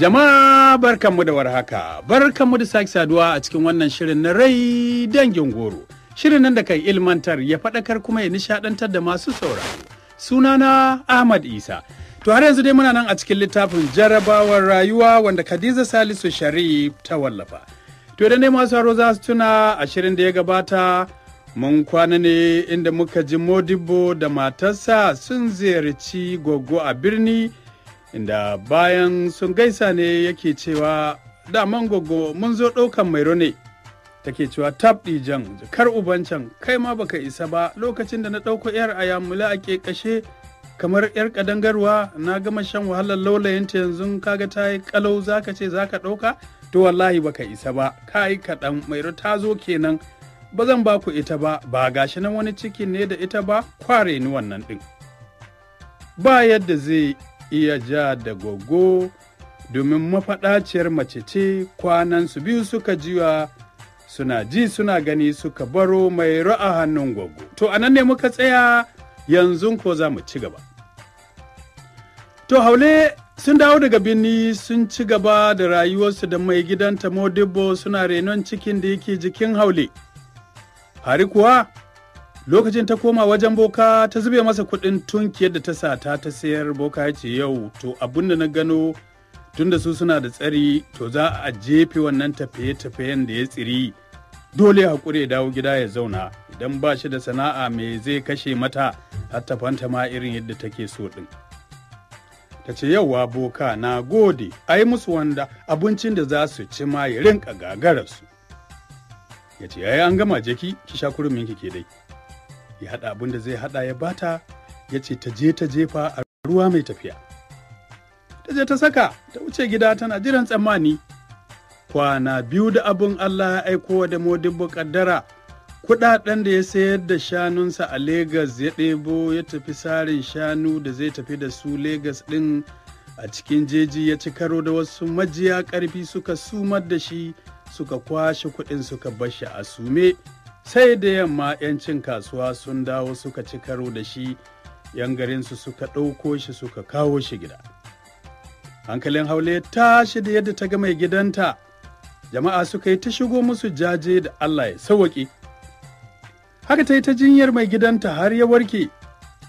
Jama'a barkanmu da warhaka, barkanmu da sake saduwa a cikin wannan shirin na rai dangin goro. Shirin nan da kai ilmantar ya faɗakar kuma ya nishaɗantar da masu sauraro. Sunana Ahmad Isa. To har yanzu dai muna nan a cikin littafin jarabawar rayuwa wanda Khadija Salisu Sharif ta wallafa. To idan dai masu haro za su tuna a shirin da ya gabata mun kwana ne inda muka ji Modibo da matarsa sun ziyarci Goggo a birni. inda bayan sun gaisa ne yake cewa daman gogo mun zo ɗaukan mairo ne take cewa tab jan jakar ubancan kai ma baka isa ba lokacin da na ɗauko yar mula a kashe kamar yar ƙadangarwa, na gama shan wahalar laulayinta yanzu kaga ta yi kalau ka ce za ka ɗauka to wallahi baka isa ba ka yi kaɗan mairo ta zo kenan ba zan ba ku ita ba ba gashi nan wani ciki ne da ita ba kware ni wannan ɗin ba yadda zai iya ja da gogo domin mafaɗaciyar mace ce su biyu suka jiwa suna ji suna gani suka baro mai ra'a hannun gogo. To a nan ne muka tsaya yanzu ko za mu ci gaba. To haule sun dawo daga birni sun ci gaba da rayuwarsu da mai gidanta Modibo suna renon cikin da yake jikin haule. Hari kuwa lokacin ta koma wajen boka ta zube masa kuɗin tunkiyar da ta sata ta sayar boka ya ce yau to abin da na gano tunda su suna da tsari to za a jefe wannan tafiye-tafiyen da ya tsiri dole haƙuri ya dawo gida ya zauna idan ba shi da sana'a mai zai kashe mata har ta fanta ma irin yadda take so ɗin. Ta ce yauwa boka na gode a yi musu wanda abincin da za su ci ma ya rinka gagararsu. Ya ce yayi an gama jiki, ki sha kurumin ki ke dai. ya haɗa abin da zai haɗa ya bata ya ce ta je ta jefa a ruwa mai tafiya ta je ta saka ta wuce gida tana jiran tsammani kwana biyu da abin Allah ya aiko da modibbo kaddara kudaden da ya sayar da shanunsa a Legas ya ɗebo ya tafi sarin shanu da zai tafi da su Legas ɗin a cikin jeji ya ci karo da wasu majiya ƙarfi suka sumar da shi suka kwashe kuɗin suka bashi a sume sai da yamma 'yancin kasuwa sun dawo suka ci karo da shi yan garinsu suka ɗauko shi suka kawo shi gida hankalin haule tashi da yadda ta ga mai gidanta jama'a suka yi ta shigo musu jaje da allah ya sawaƙi haka ta yi ta jinyar mai gidanta har ya warke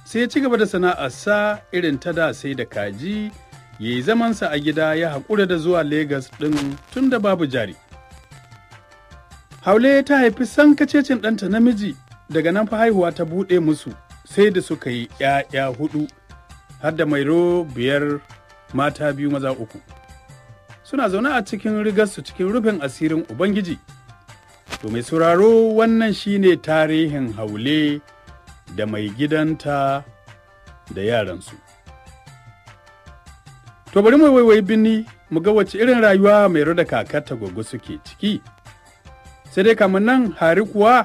sai ya ci gaba da sana'arsa irin ta da sai da kaji ya yi zamansa a gida ya haƙura da zuwa Legas ɗin tun da babu jari. Haule ta haifi kacecin ɗanta namiji daga nan fa haihuwa ta buɗe musu sai da suka yi ‘ya'ya hudu har da mairo biyar mata biyu maza uku. Suna zaune a cikin rigarsu cikin rufin asirin Ubangiji. To mai sauraro wannan shine tarihin haule da mai gidanta da yaransu. To bari mai waiwai bini mu ga wace irin rayuwa mai da kakar ta suke ciki. sai dai kamar nan hari kuwa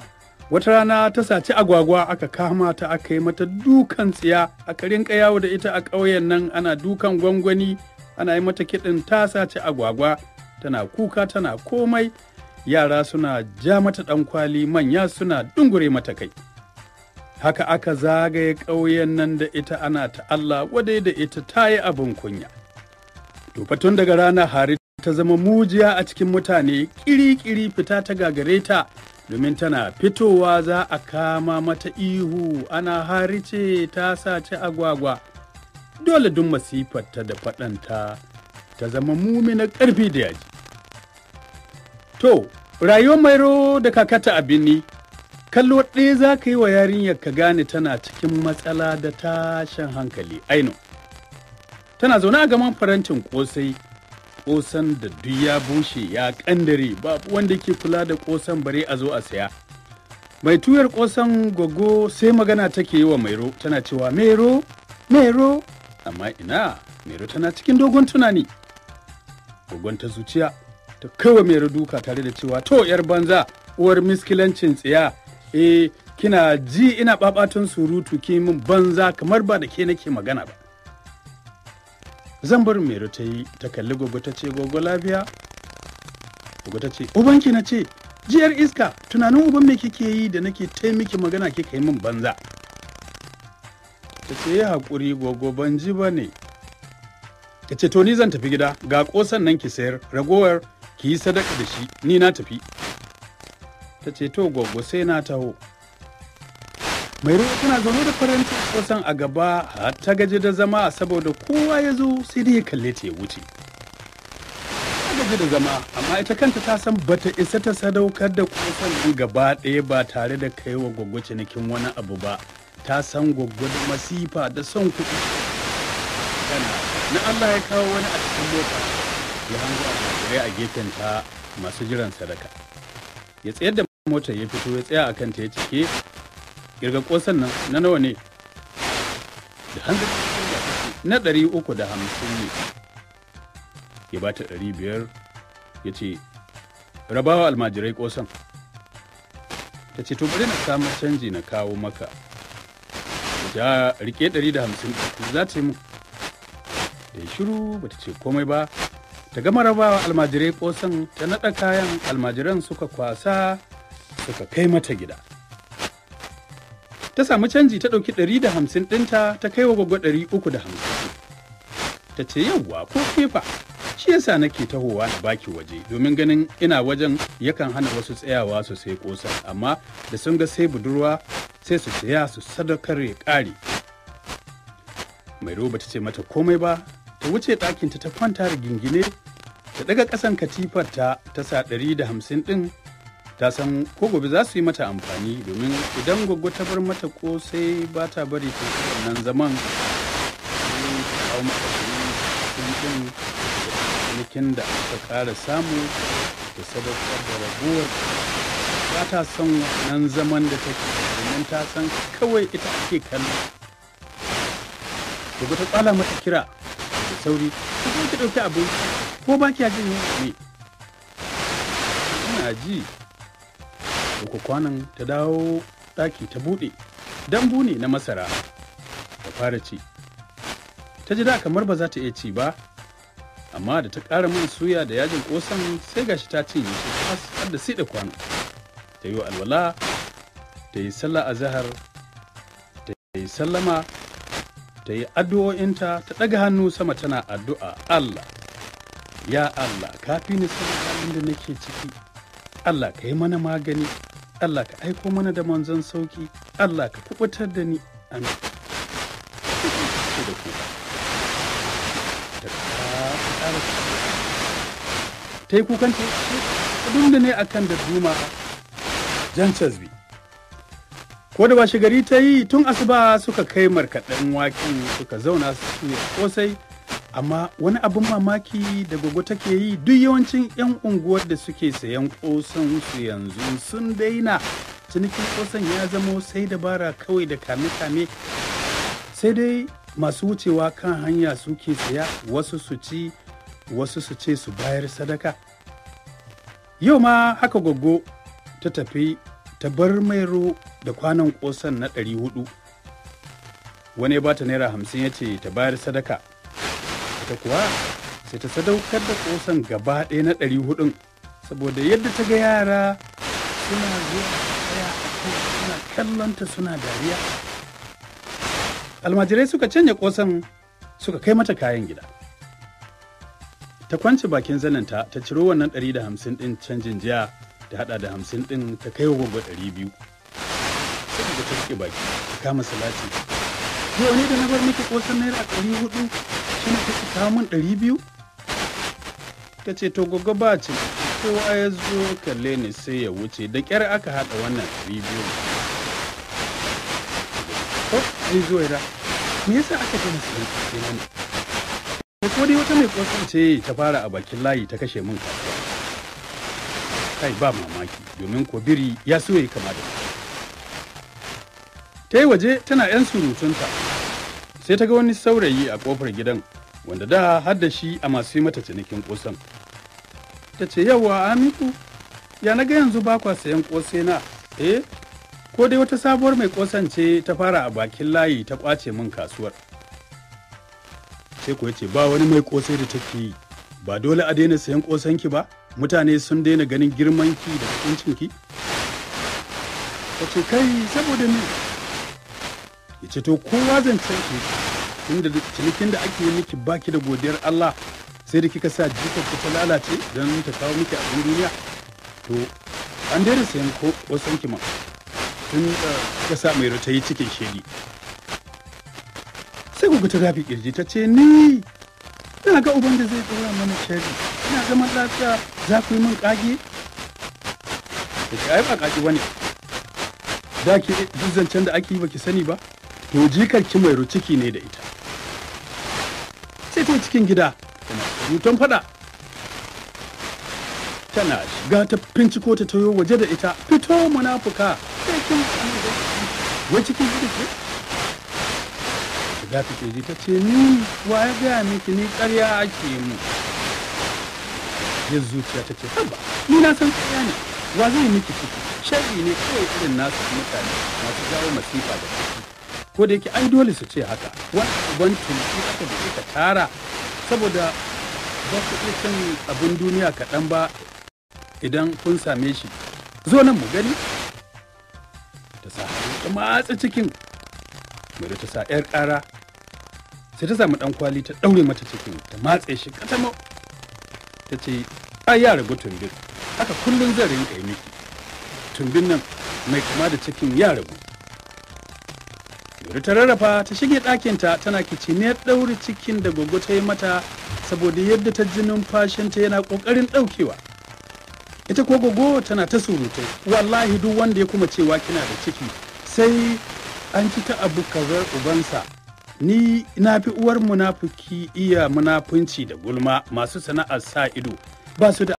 wata rana ta saci agwagwa aka kama ta aka yi mata dukan tsiya aka rinka yawo da ita a ƙauyen nan ana dukan gwangwani ana yi mata kiɗin ta saci agwagwa tana kuka tana komai yara suna ja mata ɗankwali manya suna dungure mata kai haka aka zagaye ƙauyen nan da ita ana ta Allah wadai da ita ta yi abin kunya. To tun daga rana hari ta zama mujiya a cikin mutane kiri-kiri fita ta gagare ta domin tana fitowa za a kama mata ihu ana harice ta sace agwagwa dole dun masifarta da faɗanta ta zama mumina ƙarfi da yaji to rayuwar mairo da kakata a ni kallo ɗaya za ka yi wa yarinyar ka gane tana cikin matsala da tashin hankali aino tana zaune a gaman farancin ƙosai kosan da duk ya bushe ya kandare babu wanda ke kula da kosan bare a zo a saya mai tuyar kosan gogo sai magana take yi wa mairo tana cewa mairo mairo amma ina mairo tana cikin dogon tunani gogon ta zuciya ta kai wa mairo duka tare da cewa to yar banza uwar miskilancin tsiya eh kina ji ina babatun surutu ki min banza kamar ba da ke nake magana ba zan bar mero ta yi ta kalli gogo ta ce gogo lafiya gogo ta ce ubanki na ce jiyar iska tunanin uban me kike yi da nake taimaki magana kika yi min banza ta ce yi haƙuri gogo ban ji ba ne ta ce to ni zan tafi gida ga ƙosan nan ki sayar ragowar ki yi sadaka da shi ni na tafi ta ce to gogo sai na taho mai ruwa tana zaune da faranti kusan a gaba har ta gaji da zama saboda kowa ya zo sai dai ya kalle ta ya wuce ta gaji da zama amma ita kanta ta san bata isa ta sadaukar da kusan ɗin gaba ɗaya ba tare da kai wa gwaggo cinikin wani abu ba ta san gwaggo da masifa da son kuɗi na Allah ya kawo wani a cikin mota ya hango a a gefen ta masu jiran sadaka ya tsayar da motar ya fito ya tsaya a kanta ya cike kirga kosan nan na nawa ne na ɗari uku da hamsin ne ya ba ta ɗari biyar ya ce rabawa almajirai ƙosan ta ce to bari na samu canji na kawo maka ta rike ɗari da hamsin za ta yi mu da shiru ba ta ce komai ba ta gama rabawa almajirai ƙosan ta naɗa kayan almajiran suka kwasa suka kai mata gida ta samu canji ta ɗauki ɗari da hamsin ɗinta ta kai wa gwaggo ɗari uku da hamsin. Ta ce yawwa ko kefa shi yasa nake tahowa na baki waje domin ganin ina wajen yakan hana wasu tsayawa su sai kosa amma da sun ga sai budurwa sai su saya su sadakar ya ƙare. Mai roba ta ce mata komai ba ta wuce ɗakinta ta kwanta da gingine ta ɗaga ƙasan katifar ta ta sa ɗari da hamsin ɗin ta san ko gobe za su yi mata amfani domin idan gwaggo ta bar mata ko sai ba ta bari ta wannan zaman kawo mata da aka kara samu da sadaukar da raguwar ba ta son nan zaman da take domin ta san kawai ita ake kallo gwaggo ta tsala mata kira da sauri ta ɗauki abinci ko ba kya jin ne ina ji uku kwanan ta dawo ɗaki ta buɗe dambu ne na masara ta fara ci ta ji da kamar ba za ta iya ci ba amma da ta ƙara min suya da yajin ƙosan sai gashi ta cinye shi har da da kwano ta yi alwala ta yi sallah a zahar ta yi sallama ta yi addu'o'inta ta ɗaga hannu sama tana addu'a Allah ya Allah kafi ni sallah halin da nake ciki Allah ka yi mana magani Allah ka aiko mana da manzon sauki Allah ka kubutar da ni amin ta yi kukan ta yi ne a kan da duma jan Chazbi. ko da washe gari ta yi tun asuba suka kai markaɗen waken suka zauna su ne kosai amma wani abin mamaki da gogo take yi duk yawancin 'yan unguwar da suke sayan kosan su yanzu sun daina cinikin kosan ya zamo sai dabara kawai da kame-kame sai dai masu wucewa kan hanya suke saya wasu su ci wasu su ce su bayar sadaka yau ma haka gogo ta tafi ta bar mairo da kwanan kosan na 400 wani ya bata naira hamsin ya ce ta bayar sadaka ita kuwa sai ta sadaukar da kosan gaba ɗaya na ɗari hudun saboda yadda ta ga yara suna zuwa tsaya suna kallonta suna dariya almajirai suka canja kosan suka kai mata kayan gida ta kwanci bakin zananta ta ciro wannan ɗari da hamsin ɗin canjin jiya ta hada da hamsin ɗin ta kai wa gwagwa ɗari biyu sai ta rike baki ta kama salati yau ne da na bar miki kosan naira ɗari hudu shi ne kamun kawo ɗari biyu ta ce to gogo ba ce kowa ya zo kalle ne sai ya wuce da ƙyar aka haɗa wannan ɗari biyu ko oh, ai zo ira me yasa aka ce masu ɗan ce mana? da ko wata mai ƙwasan ce ta fara a bakin layi ta kashe mun kasuwa kai ba mamaki domin ko biri ya so ya kama da ta yi waje tana 'yan surutunta sai ta ga wani saurayi a kofar gidan wanda da hadda shi a masu yi mata cinikin kosan ta ce yawa amiku ya na ga yanzu bakwa sayan ƙosai na eh ko dai wata sabuwar mai kosan ce ta fara a bakin layi ta kwace min kasuwar sai ku ce ba wani mai kosai da take yi ba dole a daina sayan kosan ki ba mutane sun daina ganin girman ki da hukuncin ki ta ce kai saboda ne, ya ce to kowa zan ki cinikin da ake yi miki baki da godiyar Allah sai da kika sa jikar ta lalace don ta kawo miki abin duniya to an daina sayan ko wasan kima tun eh, kika sa mai rata yi cikin shege sai kuka ta rafi kirji ta ce ni ina ga uban da zai dora mana shari ina zaman lafiya za ku yi min kage da ke ai ba kage wani da ke duk zancen da ake yi baki sani ba to jikar ki mai ciki ne da ita fito cikin gida tana rubutun fada tana shiga ta binciko ta tayo waje da ita fito munafuka wai cikin gida ke? shiga take ji ta ce ni wa ya gaya miki ni karya ake mu yin zuciya ta ce haba ni na san karya ne wa zai miki ciki shari ne kawai irin nasu mutane masu jawo masifa da ciki ko da yake ai dole su ce haka wani abin tunki aka da ka tara saboda ba ku iya cin abin duniya kaɗan ba idan kun same shi zo nan mu gani ta sa ta matsa cikin mai da ta sa yar ƙara sai ta samu ɗan kwali ta ɗaure mata cikin ta matse shi katama ta ce ai ya rabu tumbin haka kullum zai rinka yi miki tumbin nan mai kama da cikin ya rabu da ta rarrafa ta shige ɗakinta tana kiciniyar ɗauri cikin da gogo ta yi mata saboda yadda ta ji numfashinta yana ƙoƙarin ɗaukewa ita ko gogo tana ta surutai wallahi duk wanda ya kuma cewa kina da ciki sai an ci ta abu kazar ubansa ni na fi uwar munafuki iya munafunci da gulma masu sana'ar sa ido ba su da